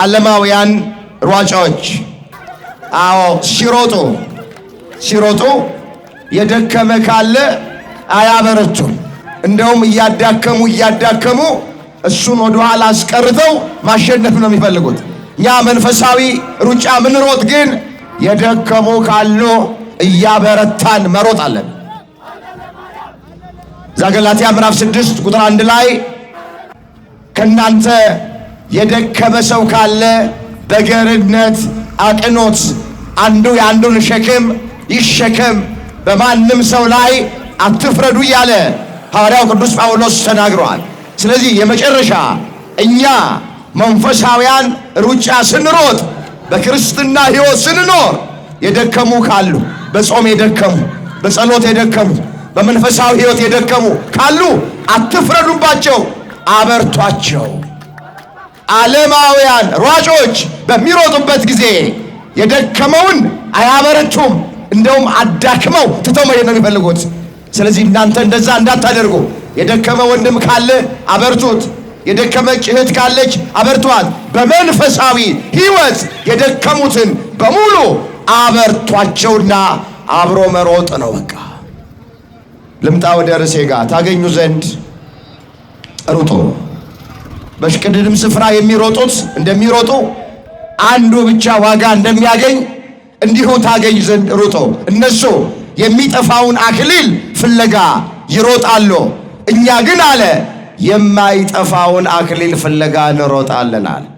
ዓለማውያን ሯጫዎች አዎ ሲሮጡ ሲሮጡ የደከመ ካለ አያበረቱም። እንደውም እያዳከሙ እያዳከሙ እሱን ወደ ወደኋላ አስቀርተው ማሸነፍ ነው የሚፈልጉት። እኛ መንፈሳዊ ሩጫ ምንሮጥ ግን የደከሙ ካሉ እያበረታን መሮጥ አለን። እዛ ገላትያ ምዕራፍ ስድስት ቁጥር አንድ ላይ ከእናንተ የደከመ ሰው ካለ በገርነት አቅኖት አንዱ የአንዱን ሸክም ይሸከም፣ በማንም ሰው ላይ አትፍረዱ እያለ ሐዋርያው ቅዱስ ጳውሎስ ተናግሯል። ስለዚህ የመጨረሻ እኛ መንፈሳውያን ሩጫ ስንሮጥ፣ በክርስትና ሕይወት ስንኖር የደከሙ ካሉ በጾም የደከሙ በጸሎት የደከሙ በመንፈሳዊ ሕይወት የደከሙ ካሉ አትፍረዱባቸው፣ አበርቷቸው። ዓለማውያን ሯጮች በሚሮጡበት ጊዜ የደከመውን አያበረቱም፣ እንደውም አዳክመው ትተው መሄድ ነው የሚፈልጉት። ስለዚህ እናንተ እንደዛ እንዳታደርጉ። የደከመ ወንድም ካለ አበርቱት። የደከመች እህት ካለች አበርቷት። በመንፈሳዊ ሕይወት የደከሙትን በሙሉ አበርቷቸውና አብሮ መሮጥ ነው። በቃ ልምጣ ወደ ርዕሴ ጋር ታገኙ ዘንድ ሩጡ። በሽቅድድም ስፍራ የሚሮጡት እንደሚሮጡ አንዱ ብቻ ዋጋ እንደሚያገኝ እንዲሁ ታገኝ ዘንድ ሩጦ። እነሱ የሚጠፋውን አክሊል ፍለጋ ይሮጣሉ፣ እኛ ግን አለ የማይጠፋውን አክሊል ፍለጋ እንሮጣለን አለ።